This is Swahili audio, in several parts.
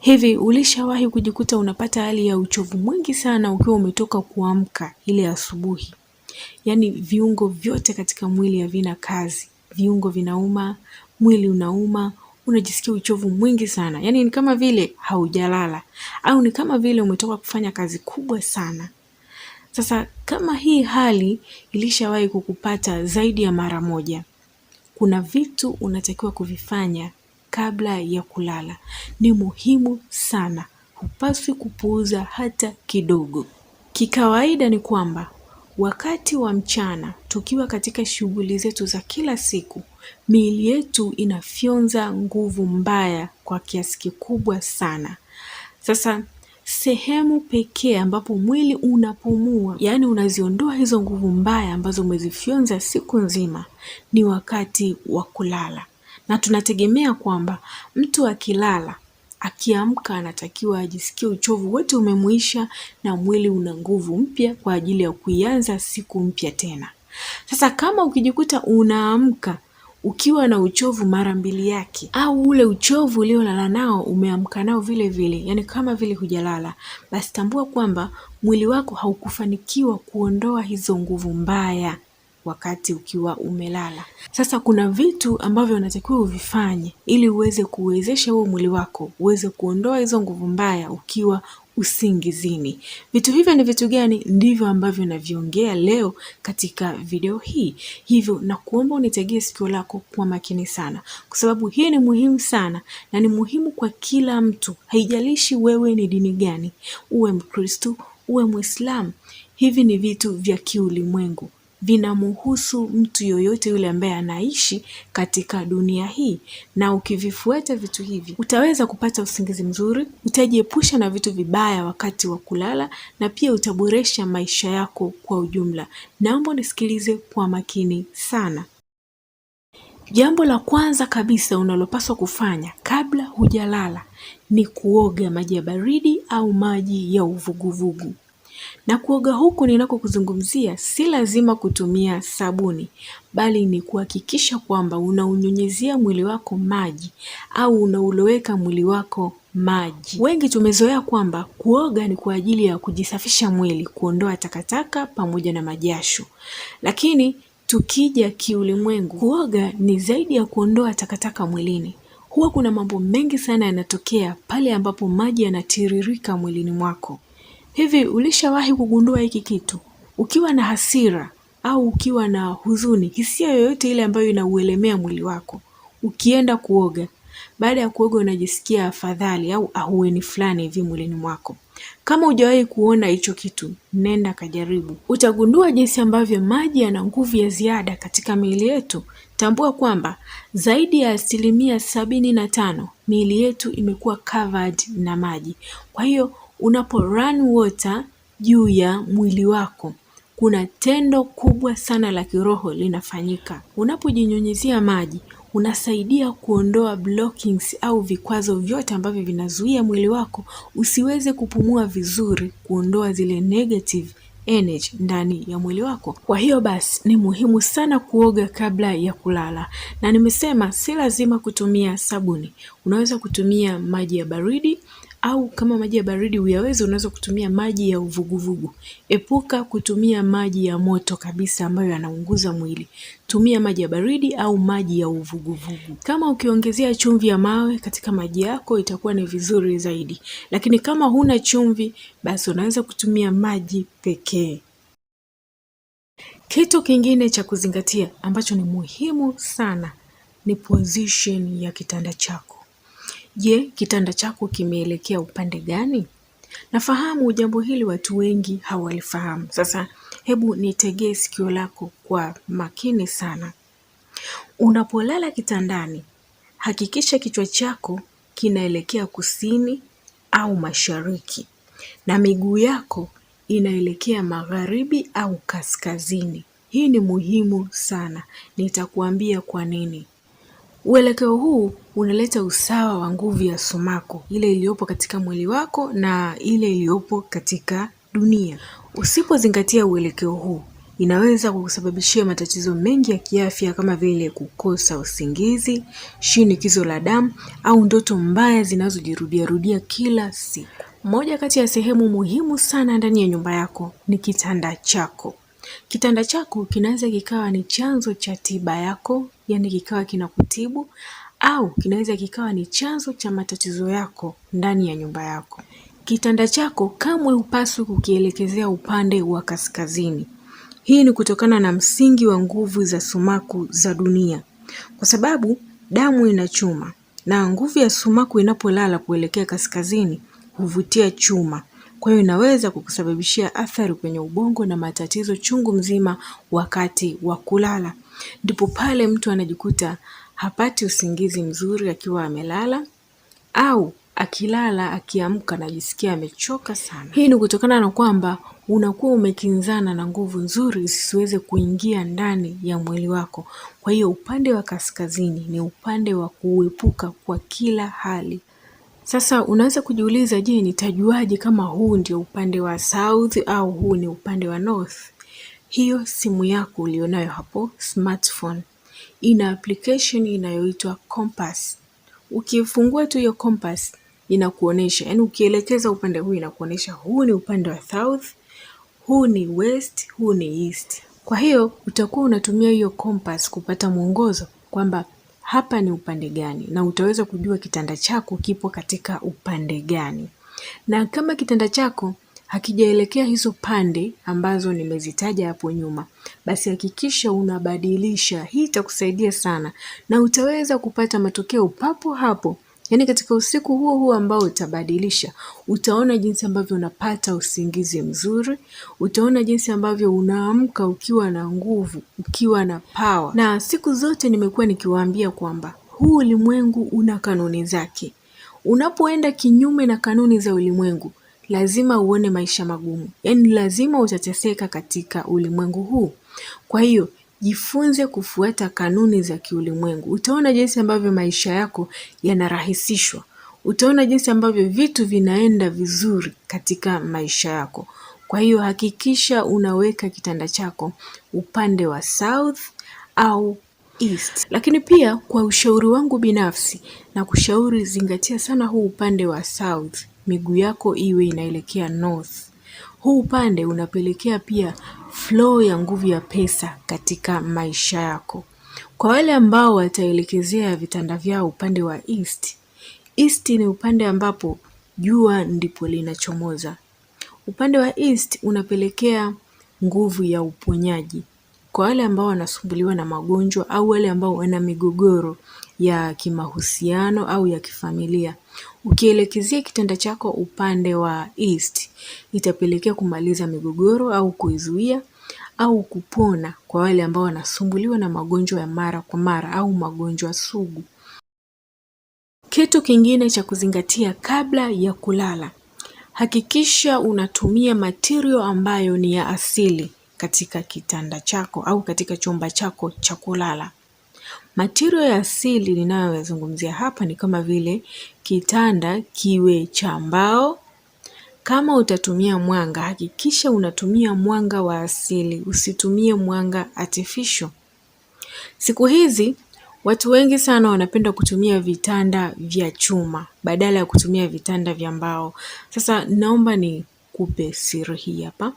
Hivi ulishawahi kujikuta unapata hali ya uchovu mwingi sana ukiwa umetoka kuamka ile asubuhi, yaani viungo vyote katika mwili havina kazi, viungo vinauma, mwili unauma, unajisikia uchovu mwingi sana, yaani ni kama vile haujalala au ni kama vile umetoka kufanya kazi kubwa sana. Sasa kama hii hali ilishawahi kukupata zaidi ya mara moja, kuna vitu unatakiwa kuvifanya kabla ya kulala ni muhimu sana, hupaswi kupuuza hata kidogo. Kikawaida ni kwamba wakati wa mchana tukiwa katika shughuli zetu za kila siku, miili yetu inafyonza nguvu mbaya kwa kiasi kikubwa sana. Sasa sehemu pekee ambapo mwili unapumua, yaani unaziondoa hizo nguvu mbaya ambazo umezifyonza siku nzima, ni wakati wa kulala na tunategemea kwamba mtu akilala akiamka anatakiwa ajisikie uchovu wote umemuisha na mwili una nguvu mpya kwa ajili ya kuianza siku mpya tena. Sasa kama ukijikuta unaamka ukiwa na uchovu mara mbili yake, au ule uchovu uliolala nao umeamka nao vile vile, yani kama vile hujalala, basi tambua kwamba mwili wako haukufanikiwa kuondoa hizo nguvu mbaya wakati ukiwa umelala. Sasa kuna vitu ambavyo unatakiwa uvifanye ili uweze kuwezesha huo mwili wako uweze kuondoa hizo nguvu mbaya ukiwa usingizini. Vitu hivyo ni vitu gani? Ndivyo ambavyo naviongea leo katika video hii, hivyo na kuomba unitegee sikio lako kwa makini sana, kwa sababu hii ni muhimu sana na ni muhimu kwa kila mtu, haijalishi wewe ni dini gani, uwe mkristu uwe Mwislamu. Hivi ni vitu vya kiulimwengu vinamuhusu mtu yoyote yule ambaye anaishi katika dunia hii, na ukivifuata vitu hivi utaweza kupata usingizi mzuri, utajiepusha na vitu vibaya wakati wa kulala, na pia utaboresha maisha yako kwa ujumla. Naomba nisikilize kwa makini sana. Jambo la kwanza kabisa unalopaswa kufanya kabla hujalala ni kuoga maji ya baridi au maji ya uvuguvugu. Na kuoga huku ninakokuzungumzia si lazima kutumia sabuni, bali ni kuhakikisha kwamba unaunyunyizia mwili wako maji au unauloweka mwili wako maji. Wengi tumezoea kwamba kuoga ni kwa ajili ya kujisafisha mwili, kuondoa takataka pamoja na majasho, lakini tukija kiulimwengu, kuoga ni zaidi ya kuondoa takataka mwilini. Huwa kuna mambo mengi sana yanatokea pale ambapo maji yanatiririka mwilini mwako. Hivi ulishawahi kugundua hiki kitu? Ukiwa na hasira au ukiwa na huzuni, hisia yoyote ile ambayo inauelemea mwili wako, ukienda kuoga, baada ya kuoga unajisikia afadhali au ahueni fulani hivi mwilini mwako. Kama hujawahi kuona hicho kitu, nenda kajaribu. Utagundua jinsi ambavyo maji yana nguvu ya ziada katika miili yetu. Tambua kwamba zaidi ya asilimia sabini na tano miili yetu imekuwa covered na maji, kwa hiyo Unapo run water juu ya mwili wako, kuna tendo kubwa sana la kiroho linafanyika. Unapojinyunyizia maji unasaidia kuondoa blockings au vikwazo vyote ambavyo vinazuia mwili wako usiweze kupumua vizuri, kuondoa zile negative energy ndani ya mwili wako. Kwa hiyo basi ni muhimu sana kuoga kabla ya kulala, na nimesema si lazima kutumia sabuni, unaweza kutumia maji ya baridi au kama maji ya baridi huyawezi, unaweza kutumia maji ya uvuguvugu. Epuka kutumia maji ya moto kabisa ambayo yanaunguza mwili. Tumia maji ya baridi au maji ya uvuguvugu. Kama ukiongezea chumvi ya mawe katika maji yako itakuwa ni vizuri zaidi, lakini kama huna chumvi, basi unaweza kutumia maji pekee. Kitu kingine cha kuzingatia ambacho ni muhimu sana ni position ya kitanda chako. Je, kitanda chako kimeelekea upande gani? Nafahamu jambo hili watu wengi hawalifahamu. Sasa hebu nitegee sikio lako kwa makini sana. Unapolala kitandani, hakikisha kichwa chako kinaelekea kusini au mashariki na miguu yako inaelekea magharibi au kaskazini. Hii ni muhimu sana, nitakuambia kwa nini. Uelekeo huu unaleta usawa wa nguvu ya sumaku, ile iliyopo katika mwili wako na ile iliyopo katika dunia. Usipozingatia uelekeo huu, inaweza kukusababishia matatizo mengi ya kiafya kama vile kukosa usingizi, shinikizo la damu au ndoto mbaya zinazojirudiarudia kila siku. Moja kati ya sehemu muhimu sana ndani ya nyumba yako ni kitanda chako. Kitanda chako kinaweza kikawa ni chanzo cha tiba yako yani kikawa kinakutibu au kinaweza kikawa ni chanzo cha matatizo yako ndani ya nyumba yako. Kitanda chako kamwe hupaswi kukielekezea upande wa kaskazini. Hii ni kutokana na msingi wa nguvu za sumaku za dunia, kwa sababu damu ina chuma na nguvu ya sumaku inapolala kuelekea kaskazini huvutia chuma, kwa hiyo inaweza kukusababishia athari kwenye ubongo na matatizo chungu mzima wakati wa kulala. Ndipo pale mtu anajikuta hapati usingizi mzuri akiwa amelala au akilala akiamka najisikia amechoka sana. Hii ni kutokana na kwamba unakuwa umekinzana na nguvu nzuri zisiweze kuingia ndani ya mwili wako. Kwa hiyo upande wa kaskazini ni upande wa kuepuka kwa kila hali. Sasa unaweza kujiuliza, je, nitajuaje kama huu ndio upande wa south au huu ni upande wa north? Hiyo simu yako ulionayo hapo smartphone ina application inayoitwa Compass. Ukifungua tu hiyo Compass inakuonesha, yani ukielekeza upande huu inakuonesha huu ni upande wa south, huu ni west, huu ni east. Kwa hiyo utakuwa unatumia hiyo Compass kupata mwongozo kwamba hapa ni upande gani, na utaweza kujua kitanda chako kipo katika upande gani, na kama kitanda chako hakijaelekea hizo pande ambazo nimezitaja hapo nyuma, basi hakikisha unabadilisha. Hii itakusaidia sana na utaweza kupata matokeo papo hapo. Yaani katika usiku huo huo ambao utabadilisha, utaona jinsi ambavyo unapata usingizi mzuri, utaona jinsi ambavyo unaamka ukiwa na nguvu, ukiwa na pawa. Na siku zote nimekuwa nikiwaambia kwamba huu ulimwengu una kanuni zake. Unapoenda kinyume na kanuni za ulimwengu, lazima uone maisha magumu, yaani lazima utateseka katika ulimwengu huu. Kwa hiyo jifunze kufuata kanuni za kiulimwengu, utaona jinsi ambavyo maisha yako yanarahisishwa, utaona jinsi ambavyo vitu vinaenda vizuri katika maisha yako. Kwa hiyo hakikisha unaweka kitanda chako upande wa south au east. Lakini pia kwa ushauri wangu binafsi na kushauri, zingatia sana huu upande wa south miguu yako iwe inaelekea north. Huu upande unapelekea pia flow ya nguvu ya pesa katika maisha yako. Kwa wale ambao wataelekezea vitanda vyao upande wa east, east ni upande ambapo jua ndipo linachomoza. Upande wa east unapelekea nguvu ya uponyaji kwa wale ambao wanasumbuliwa na magonjwa au wale ambao wana migogoro ya kimahusiano au ya kifamilia. Ukielekezea kitanda chako upande wa east, itapelekea kumaliza migogoro au kuizuia au kupona kwa wale ambao wanasumbuliwa na magonjwa ya mara kwa mara au magonjwa sugu. Kitu kingine cha kuzingatia kabla ya kulala, hakikisha unatumia matirio ambayo ni ya asili katika kitanda chako au katika chumba chako cha kulala. Material ya asili ninayoyazungumzia hapa ni kama vile kitanda kiwe cha mbao. Kama utatumia mwanga, hakikisha unatumia mwanga wa asili, usitumie mwanga artificial. Siku hizi watu wengi sana wanapenda kutumia vitanda vya chuma badala ya kutumia vitanda vya mbao. Sasa naomba nikupe siri hii hapa.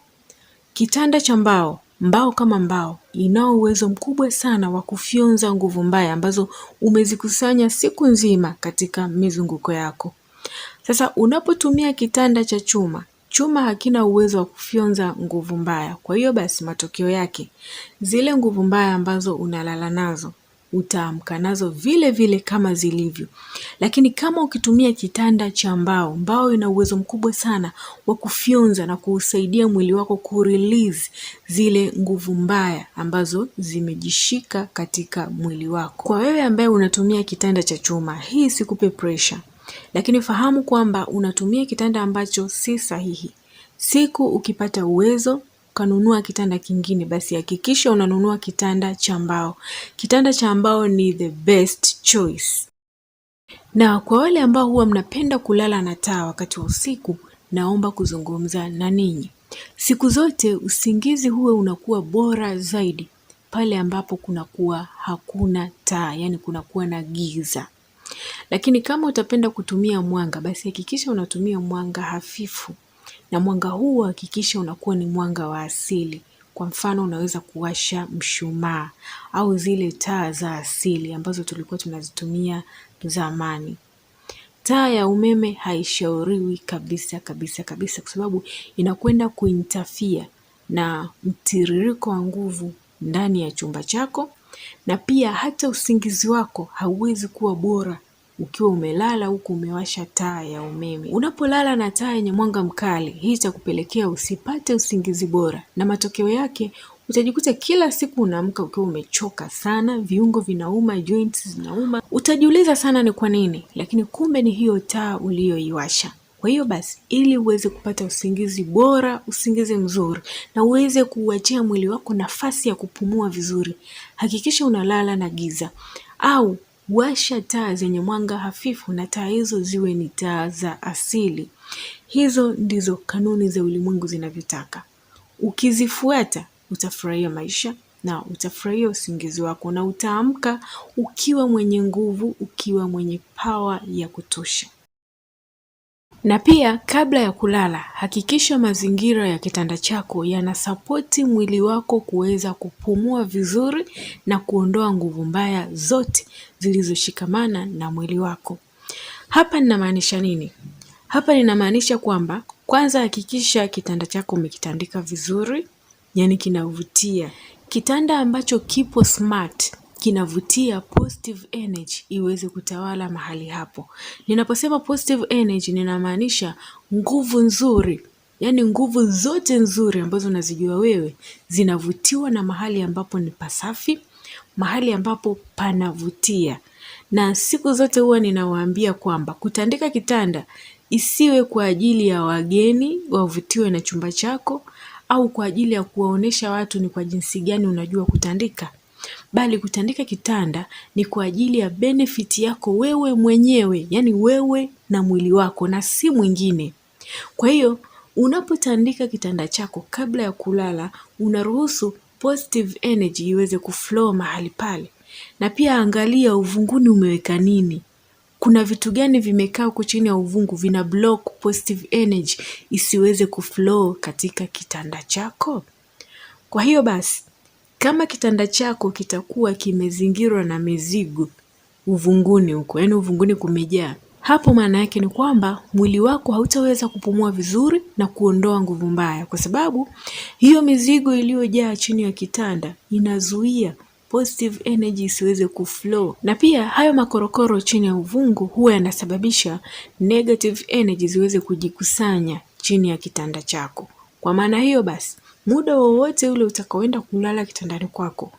Kitanda cha mbao mbao kama mbao inao uwezo mkubwa sana wa kufyonza nguvu mbaya ambazo umezikusanya siku nzima katika mizunguko yako. Sasa unapotumia kitanda cha chuma, chuma hakina uwezo wa kufyonza nguvu mbaya. Kwa hiyo basi, matokeo yake zile nguvu mbaya ambazo unalala nazo utaamka nazo vile vile kama zilivyo. Lakini kama ukitumia kitanda cha mbao, mbao ina uwezo mkubwa sana wa kufyonza na kuusaidia mwili wako kurelease zile nguvu mbaya ambazo zimejishika katika mwili wako. Kwa wewe ambaye unatumia kitanda cha chuma, hii sikupe pressure, lakini fahamu kwamba unatumia kitanda ambacho si sahihi. Siku ukipata uwezo ukanunua kitanda kingine, basi hakikisha unanunua kitanda cha mbao. Kitanda cha mbao ni the best choice. Na kwa wale ambao huwa mnapenda kulala na taa wakati wa usiku, naomba kuzungumza na ninyi. Siku zote usingizi huwe unakuwa bora zaidi pale ambapo kunakuwa hakuna taa, yani kunakuwa na giza. Lakini kama utapenda kutumia mwanga, basi hakikisha unatumia mwanga hafifu na mwanga huu hakikisha unakuwa ni mwanga wa asili. Kwa mfano unaweza kuwasha mshumaa au zile taa za asili ambazo tulikuwa tunazitumia zamani. Taa ya umeme haishauriwi kabisa kabisa kabisa kwa sababu inakwenda kuintafia na mtiririko wa nguvu ndani ya chumba chako na pia hata usingizi wako hauwezi kuwa bora ukiwa umelala huku umewasha taa ya umeme. Unapolala na taa yenye mwanga mkali, hii itakupelekea usipate usingizi bora, na matokeo yake utajikuta kila siku unaamka ukiwa umechoka sana, viungo vinauma, joints zinauma. Utajiuliza sana ni kwa nini, lakini kumbe ni hiyo taa uliyoiwasha. Kwa hiyo basi, ili uweze kupata usingizi bora, usingizi mzuri, na uweze kuuachia mwili wako nafasi ya kupumua vizuri, hakikisha unalala na giza au Washa taa zenye mwanga hafifu na taa hizo ziwe ni taa za asili. Hizo ndizo kanuni za ulimwengu zinavyotaka. Ukizifuata utafurahia maisha na utafurahia usingizi wako na utaamka ukiwa mwenye nguvu, ukiwa mwenye pawa ya kutosha. Na pia kabla ya kulala, hakikisha mazingira ya kitanda chako yanasapoti mwili wako kuweza kupumua vizuri na kuondoa nguvu mbaya zote zilizoshikamana na mwili wako. Hapa ninamaanisha nini? Hapa ninamaanisha kwamba kwanza hakikisha kitanda chako umekitandika vizuri, yani kinavutia. Kitanda ambacho kipo smart kinavutia positive energy iweze kutawala mahali hapo. Ninaposema positive energy ninamaanisha nguvu nzuri, yaani nguvu zote nzuri ambazo unazijua wewe zinavutiwa na mahali ambapo ni pasafi, mahali ambapo panavutia. Na siku zote huwa ninawaambia kwamba kutandika kitanda isiwe kwa ajili ya wageni wavutiwe na chumba chako au kwa ajili ya kuwaonesha watu ni kwa jinsi gani unajua kutandika bali kutandika kitanda ni kwa ajili ya benefiti yako wewe mwenyewe, yani wewe na mwili wako na si mwingine. Kwa hiyo unapotandika kitanda chako kabla ya kulala, unaruhusu positive energy iweze kuflow mahali pale, na pia angalia uvunguni umeweka nini kuna vitu gani vimekaa huko chini ya uvungu vina block positive energy isiweze kuflow katika kitanda chako. Kwa hiyo basi kama kitanda chako kitakuwa kimezingirwa na mizigo uvunguni huko, yaani uvunguni kumejaa hapo, maana yake ni kwamba mwili wako hautaweza kupumua vizuri na kuondoa nguvu mbaya, kwa sababu hiyo mizigo iliyojaa chini ya kitanda inazuia positive energy isiweze kuflow, na pia hayo makorokoro chini ya uvungu huwa yanasababisha negative energy ziweze kujikusanya chini ya kitanda chako. Kwa maana hiyo basi muda wowote ule utakaoenda kulala kitandani kwako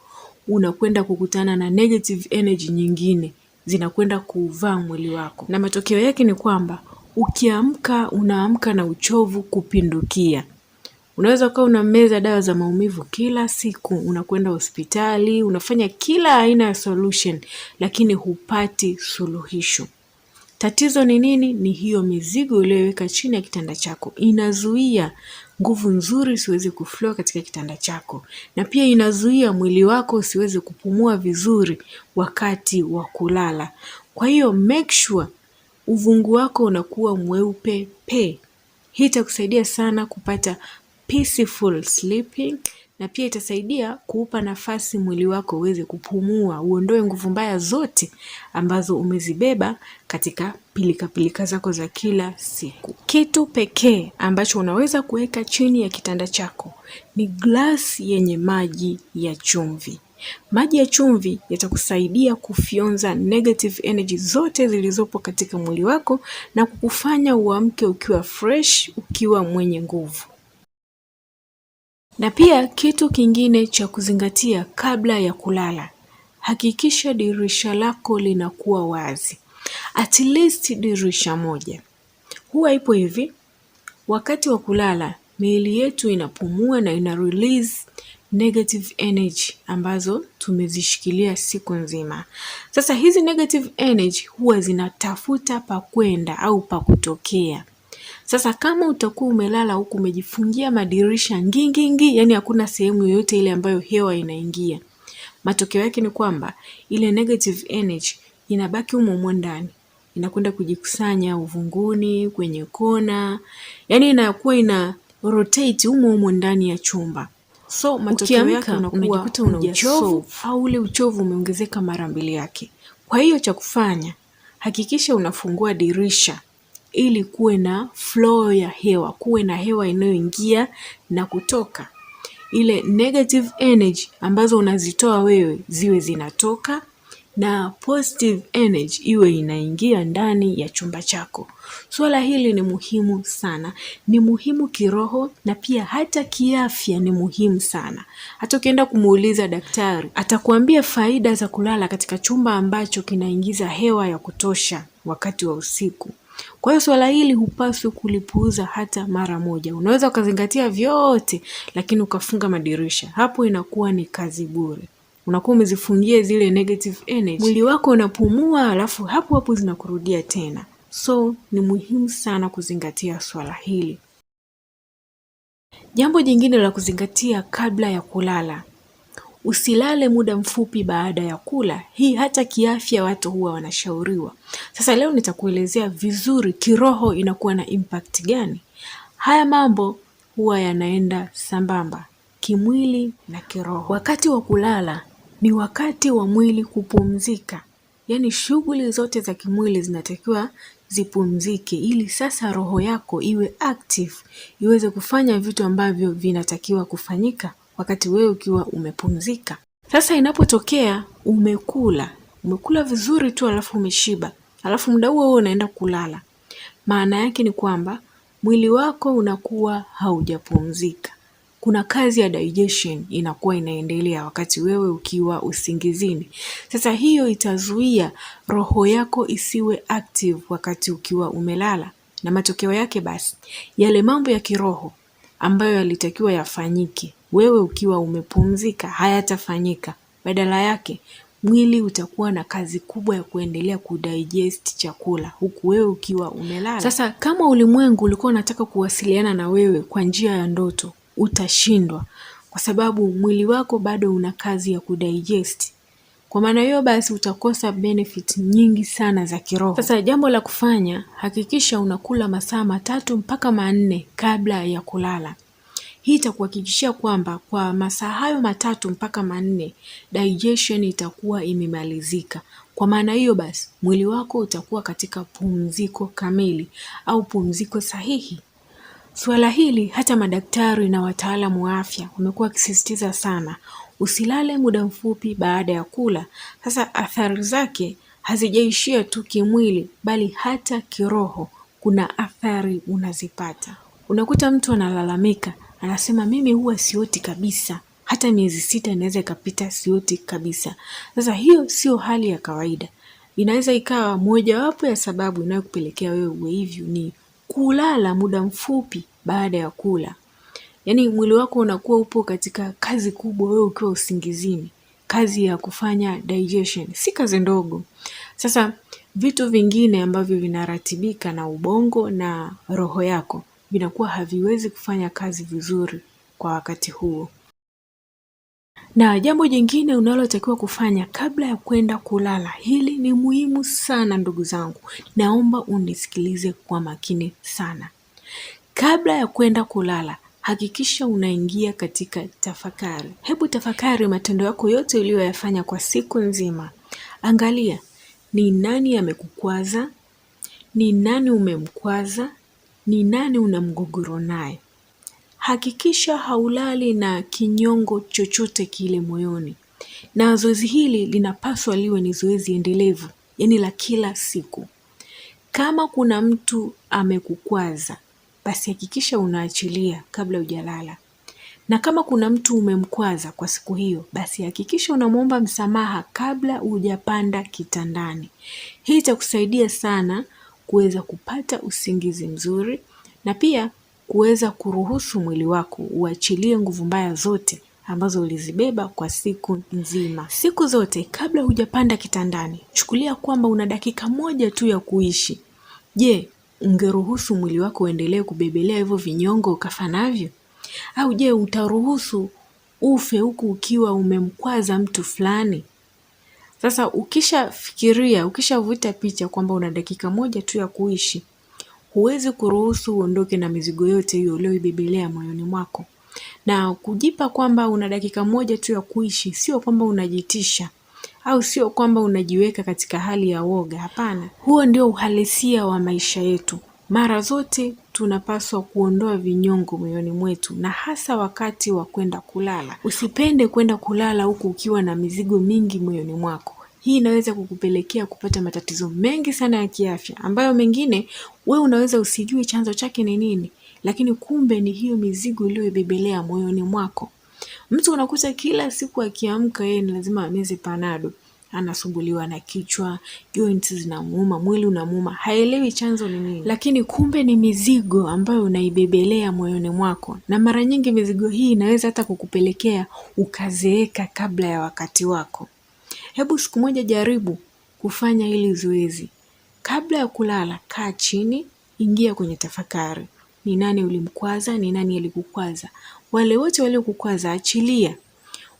unakwenda kukutana na negative energy nyingine zinakwenda kuuvaa mwili wako, na matokeo yake ni kwamba ukiamka unaamka na uchovu kupindukia. Unaweza ukawa unameza dawa za maumivu kila siku, unakwenda hospitali, unafanya kila aina ya solution, lakini hupati suluhisho. Tatizo ni nini? Ni hiyo mizigo uliyoweka chini ya kitanda chako, inazuia nguvu nzuri usiweze kuflow katika kitanda chako, na pia inazuia mwili wako usiweze kupumua vizuri wakati wa kulala. Kwa hiyo make sure uvungu wako unakuwa mweupe pe. Hii itakusaidia sana kupata peaceful sleeping na pia itasaidia kuupa nafasi mwili wako uweze kupumua, uondoe nguvu mbaya zote ambazo umezibeba katika pilika pilika zako za kila siku. Kitu pekee ambacho unaweza kuweka chini ya kitanda chako ni glasi yenye maji ya chumvi. Maji ya chumvi yatakusaidia kufyonza negative energy zote zilizopo katika mwili wako na kukufanya uamke ukiwa fresh, ukiwa mwenye nguvu. Na pia kitu kingine cha kuzingatia kabla ya kulala, hakikisha dirisha lako linakuwa wazi, at least dirisha moja. Huwa ipo hivi, wakati wa kulala miili yetu inapumua na ina release negative energy ambazo tumezishikilia siku nzima. Sasa hizi negative energy huwa zinatafuta pa kwenda au pa kutokea. Sasa kama utakuwa umelala huku umejifungia madirisha ngingingi, yani hakuna sehemu yoyote ile ambayo hewa inaingia, matokeo yake ni kwamba ile negative energy inabaki humo humo ndani, inakwenda kujikusanya uvunguni, kwenye kona, yani inakuwa ina rotate humo humo ndani ya chumba. So matokeo yake unajikuta una uchovu au ule uchovu umeongezeka mara mbili yake. Kwa hiyo cha kufanya, hakikisha unafungua dirisha ili kuwe na flow ya hewa, kuwe na hewa inayoingia na kutoka, ile negative energy ambazo unazitoa wewe ziwe zinatoka na positive energy iwe inaingia ndani ya chumba chako. Suala hili ni muhimu sana, ni muhimu kiroho na pia hata kiafya ni muhimu sana. Hata ukienda kumuuliza daktari, atakuambia faida za kulala katika chumba ambacho kinaingiza hewa ya kutosha wakati wa usiku. Kwa hiyo swala hili hupaswi kulipuuza hata mara moja. Unaweza ukazingatia vyote, lakini ukafunga madirisha, hapo inakuwa ni kazi bure unakuwa umezifungia zile negative energy. Mwili wako unapumua, alafu hapo hapo zinakurudia tena. So ni muhimu sana kuzingatia swala hili. Jambo jingine la kuzingatia kabla ya kulala usilale muda mfupi baada ya kula. Hii hata kiafya watu huwa wanashauriwa. Sasa leo nitakuelezea vizuri kiroho inakuwa na impact gani. Haya mambo huwa yanaenda sambamba kimwili na kiroho. Wakati wa kulala ni wakati wa mwili kupumzika, yaani shughuli zote za kimwili zinatakiwa zipumzike, ili sasa roho yako iwe active, iweze kufanya vitu ambavyo vinatakiwa kufanyika wakati wewe ukiwa umepumzika. Sasa inapotokea umekula umekula vizuri tu, alafu umeshiba, alafu muda huo huo unaenda kulala, maana yake ni kwamba mwili wako unakuwa haujapumzika. Kuna kazi ya digestion inakuwa inaendelea wakati wewe ukiwa usingizini. Sasa hiyo itazuia roho yako isiwe active wakati ukiwa umelala, na matokeo yake basi yale mambo ya kiroho ambayo yalitakiwa yafanyike wewe ukiwa umepumzika hayatafanyika. Badala yake mwili utakuwa na kazi kubwa ya kuendelea kudigest chakula huku wewe ukiwa umelala. Sasa kama ulimwengu ulikuwa unataka kuwasiliana na wewe kwa njia ya ndoto, utashindwa kwa sababu mwili wako bado una kazi ya kudigest. Kwa maana hiyo basi utakosa benefit nyingi sana za kiroho. Sasa jambo la kufanya, hakikisha unakula masaa matatu mpaka manne kabla ya kulala. Hii itakuhakikishia kwamba kwa masaa hayo matatu mpaka manne digestion itakuwa imemalizika. Kwa maana hiyo basi, mwili wako utakuwa katika pumziko kamili au pumziko sahihi. Suala hili hata madaktari na wataalamu wa afya wamekuwa wakisisitiza sana, usilale muda mfupi baada ya kula. Sasa athari zake hazijaishia tu kimwili, bali hata kiroho, kuna athari unazipata. Unakuta mtu analalamika anasema mimi huwa sioti kabisa, hata miezi sita inaweza ikapita sioti kabisa. Sasa hiyo sio hali ya kawaida, inaweza ikawa mojawapo ya sababu inayokupelekea wewe uwe hivyo ni kulala muda mfupi baada ya kula. Yaani mwili wako unakuwa upo katika kazi kubwa, wewe ukiwa usingizini, kazi ya kufanya digestion, si kazi ndogo. Sasa vitu vingine ambavyo vinaratibika na ubongo na roho yako vinakuwa haviwezi kufanya kazi vizuri kwa wakati huo. Na jambo jingine unalotakiwa kufanya kabla ya kwenda kulala, hili ni muhimu sana ndugu zangu, naomba unisikilize kwa makini sana. Kabla ya kwenda kulala, hakikisha unaingia katika tafakari. Hebu tafakari matendo yako yote uliyoyafanya kwa siku nzima. Angalia ni nani amekukwaza, ni nani umemkwaza, ni nani una mgogoro naye. Hakikisha haulali na kinyongo chochote kile moyoni, na zoezi hili linapaswa liwe ni zoezi endelevu, yaani la kila siku. Kama kuna mtu amekukwaza, basi hakikisha unaachilia kabla hujalala, na kama kuna mtu umemkwaza kwa siku hiyo, basi hakikisha unamwomba msamaha kabla hujapanda kitandani. Hii itakusaidia sana kuweza kupata usingizi mzuri na pia kuweza kuruhusu mwili wako uachilie nguvu mbaya zote ambazo ulizibeba kwa siku nzima. Siku zote kabla hujapanda kitandani, chukulia kwamba una dakika moja tu ya kuishi. Je, ungeruhusu mwili wako uendelee kubebelea hivyo vinyongo ukafanavyo Au je, utaruhusu ufe huku ukiwa umemkwaza mtu fulani? Sasa ukishafikiria, ukishavuta picha kwamba una dakika moja tu ya kuishi, huwezi kuruhusu uondoke na mizigo yote hiyo ulioibebelea moyoni mwako. Na kujipa kwamba una dakika moja tu ya kuishi, sio kwamba unajitisha au sio kwamba unajiweka katika hali ya woga. Hapana, huo ndio uhalisia wa maisha yetu. Mara zote tunapaswa kuondoa vinyongo moyoni mwetu na hasa wakati wa kwenda kulala. Usipende kwenda kulala huku ukiwa na mizigo mingi moyoni mwako. Hii inaweza kukupelekea kupata matatizo mengi sana ya kiafya ambayo mengine we unaweza usijue chanzo chake ni nini, lakini kumbe ni hiyo mizigo iliyobebelea moyoni mwako. Mtu unakuta kila siku akiamka yeye ni lazima ameze panado anasumbuliwa na kichwa, joints zinamuuma, mwili unamuuma, haelewi chanzo ni nini, lakini kumbe ni mizigo ambayo unaibebelea moyoni mwako, na mara nyingi mizigo hii inaweza hata kukupelekea ukazeeka kabla ya wakati wako. Hebu siku moja jaribu kufanya hili zoezi. Kabla ya kulala, kaa chini, ingia kwenye tafakari. Ni nani ulimkwaza? Ni nani alikukwaza? Wale wote waliokukwaza achilia,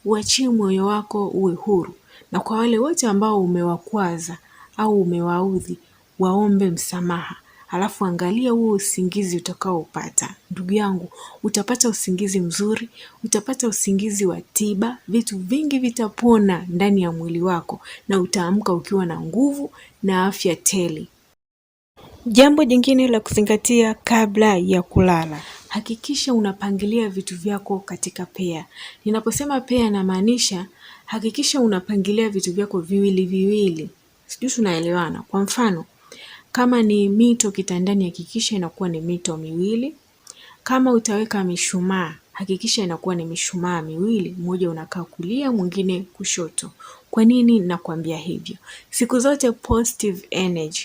uachie moyo wako uwe huru na kwa wale wote ambao umewakwaza au umewaudhi waombe msamaha alafu angalia huo usingizi utakaopata ndugu yangu utapata usingizi mzuri utapata usingizi wa tiba vitu vingi vitapona ndani ya mwili wako na utaamka ukiwa na nguvu na afya tele jambo jingine la kuzingatia kabla ya kulala hakikisha unapangilia vitu vyako katika pea ninaposema pea namaanisha hakikisha unapangilia vitu vyako viwili viwili. Sijui tunaelewana. Kwa mfano, kama ni mito kitandani, hakikisha inakuwa ni mito miwili. Kama utaweka mishumaa, hakikisha inakuwa ni mishumaa miwili, mmoja unakaa kulia, mwingine kushoto. Kwa nini nakwambia hivyo? Siku zote positive energy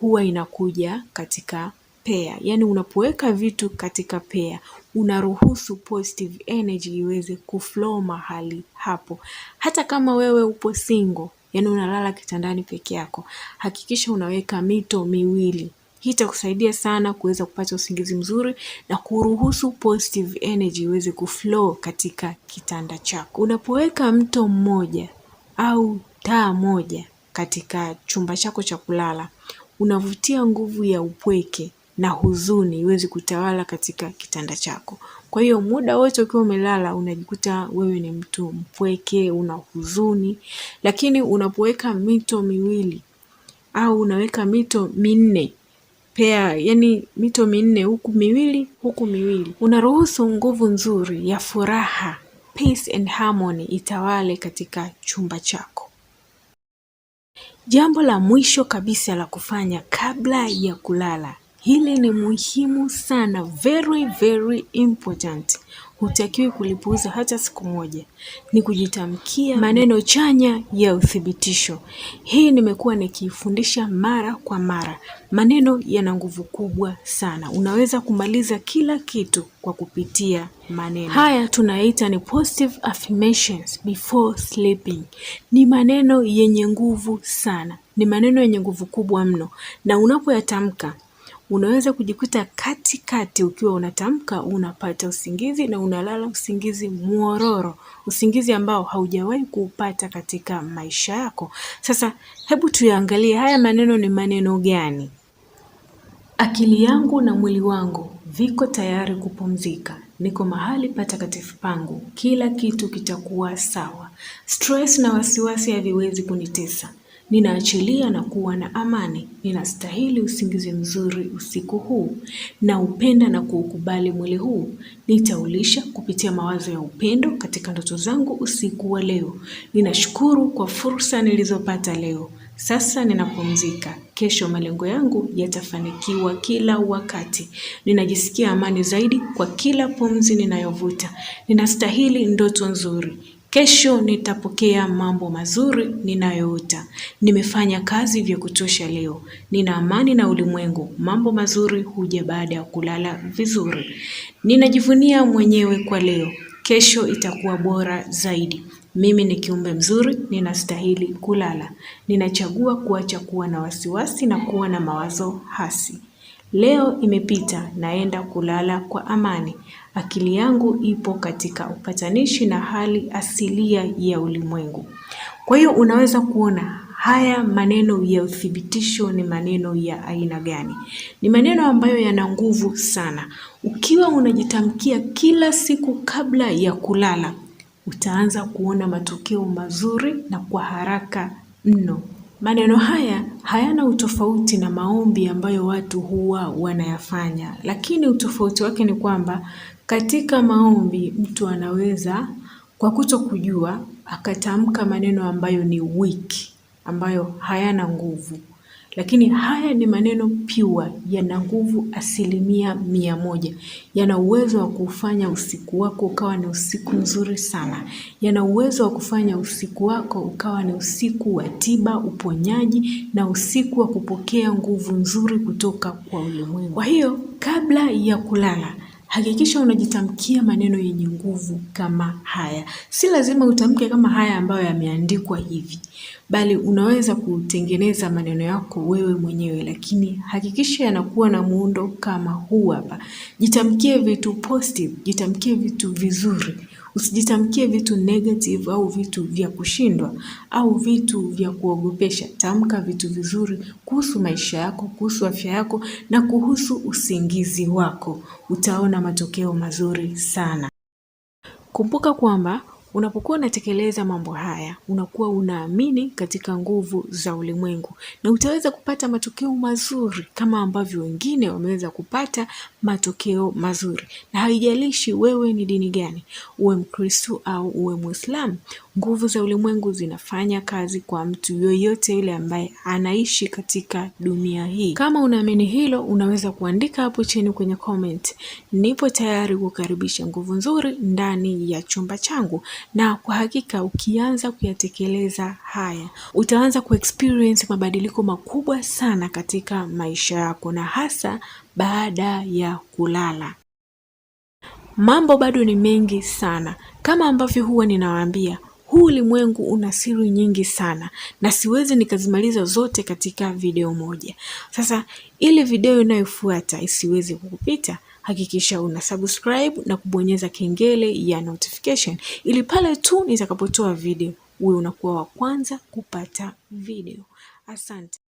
huwa inakuja katika pair, yani unapoweka vitu katika pair unaruhusu positive energy iweze kuflow mahali hapo. Hata kama wewe upo single, yani unalala kitandani peke yako, hakikisha unaweka mito miwili. Hii itakusaidia sana kuweza kupata usingizi mzuri na kuruhusu positive energy iweze kuflow katika kitanda chako. Unapoweka mto mmoja au taa moja katika chumba chako cha kulala unavutia nguvu ya upweke na huzuni iweze kutawala katika kitanda chako. Kwa hiyo muda wote ukiwa umelala unajikuta wewe ni mtu mpweke, una huzuni, lakini unapoweka mito miwili au unaweka mito minne pea, yani mito minne, huku miwili huku miwili, unaruhusu nguvu nzuri ya furaha, peace and harmony itawale katika chumba chako. Jambo la mwisho kabisa la kufanya kabla ya kulala Hili ni muhimu sana, very very important. Hutakiwi kulipuuza hata siku moja. Ni kujitamkia maneno chanya ya uthibitisho. Hii nimekuwa nikiifundisha mara kwa mara. Maneno yana nguvu kubwa sana, unaweza kumaliza kila kitu kwa kupitia maneno haya. Tunaita ni positive affirmations before sleeping. Ni maneno yenye nguvu sana, ni maneno yenye nguvu kubwa mno, na unapoyatamka unaweza kujikuta katikati ukiwa unatamka unapata usingizi na unalala usingizi mwororo, usingizi ambao haujawahi kuupata katika maisha yako. Sasa hebu tuyaangalie haya maneno ni maneno gani? Akili yangu na mwili wangu viko tayari kupumzika. Niko mahali patakatifu pangu, kila kitu kitakuwa sawa. Stress na wasiwasi haviwezi kunitesa. Ninaachilia na kuwa na amani. Ninastahili usingizi mzuri usiku huu. Naupenda na kuukubali mwili huu. Nitaulisha kupitia mawazo ya upendo katika ndoto zangu usiku wa leo. Ninashukuru kwa fursa nilizopata leo. Sasa ninapumzika. Kesho malengo yangu yatafanikiwa kila wakati. Ninajisikia amani zaidi kwa kila pumzi ninayovuta. Ninastahili ndoto nzuri. Kesho nitapokea mambo mazuri ninayoota. Nimefanya kazi vya kutosha leo, nina amani na ulimwengu. Mambo mazuri huja baada ya kulala vizuri. Ninajivunia mwenyewe kwa leo, kesho itakuwa bora zaidi. Mimi ni kiumbe mzuri, ninastahili kulala. Ninachagua kuacha kuwa na wasiwasi na kuwa na mawazo hasi. Leo imepita, naenda kulala kwa amani. Akili yangu ipo katika upatanishi na hali asilia ya ulimwengu. Kwa hiyo unaweza kuona haya maneno ya uthibitisho ni maneno ya aina gani? Ni maneno ambayo yana nguvu sana. Ukiwa unajitamkia kila siku kabla ya kulala, utaanza kuona matokeo mazuri na kwa haraka mno. Maneno haya hayana utofauti na maombi ambayo watu huwa wanayafanya, lakini utofauti wake ni kwamba katika maombi mtu anaweza kwa kuto kujua akatamka maneno ambayo ni weak, ambayo hayana nguvu, lakini haya ni maneno pure, yana nguvu asilimia mia moja, yana uwezo wa kufanya usiku wako ukawa ni usiku mzuri sana, yana uwezo wa kufanya usiku wako ukawa ni usiku wa tiba, uponyaji na usiku wa kupokea nguvu nzuri kutoka kwa ulimwengu. Kwa hiyo kabla ya kulala hakikisha unajitamkia maneno yenye nguvu kama haya. Si lazima utamke kama haya ambayo yameandikwa hivi, bali unaweza kutengeneza maneno yako wewe mwenyewe, lakini hakikisha yanakuwa na muundo kama huu hapa. Jitamkie vitu positive, jitamkie vitu vizuri. Usijitamkie vitu negative au vitu vya kushindwa au vitu vya kuogopesha. Tamka vitu vizuri kuhusu maisha yako, kuhusu afya yako na kuhusu usingizi wako. Utaona matokeo mazuri sana. Kumbuka kwamba Unapokuwa unatekeleza mambo haya, unakuwa unaamini katika nguvu za ulimwengu na utaweza kupata matokeo mazuri kama ambavyo wengine wameweza kupata matokeo mazuri. Na haijalishi wewe ni dini gani, uwe mkristu au uwe Mwislamu, nguvu za ulimwengu zinafanya kazi kwa mtu yoyote yule ambaye anaishi katika dunia hii. Kama unaamini hilo, unaweza kuandika hapo chini kwenye comment, nipo tayari kukaribisha nguvu nzuri ndani ya chumba changu na kwa hakika ukianza kuyatekeleza haya utaanza kuexperience mabadiliko makubwa sana katika maisha yako na hasa baada ya kulala. Mambo bado ni mengi sana, kama ambavyo huwa ninawaambia huu ulimwengu una siri nyingi sana na siwezi nikazimaliza zote katika video moja. Sasa ili video inayofuata isiwezi kukupita, hakikisha una subscribe na kubonyeza kengele ya notification ili pale tu nitakapotoa video uwe unakuwa wa kwanza kupata video. Asante.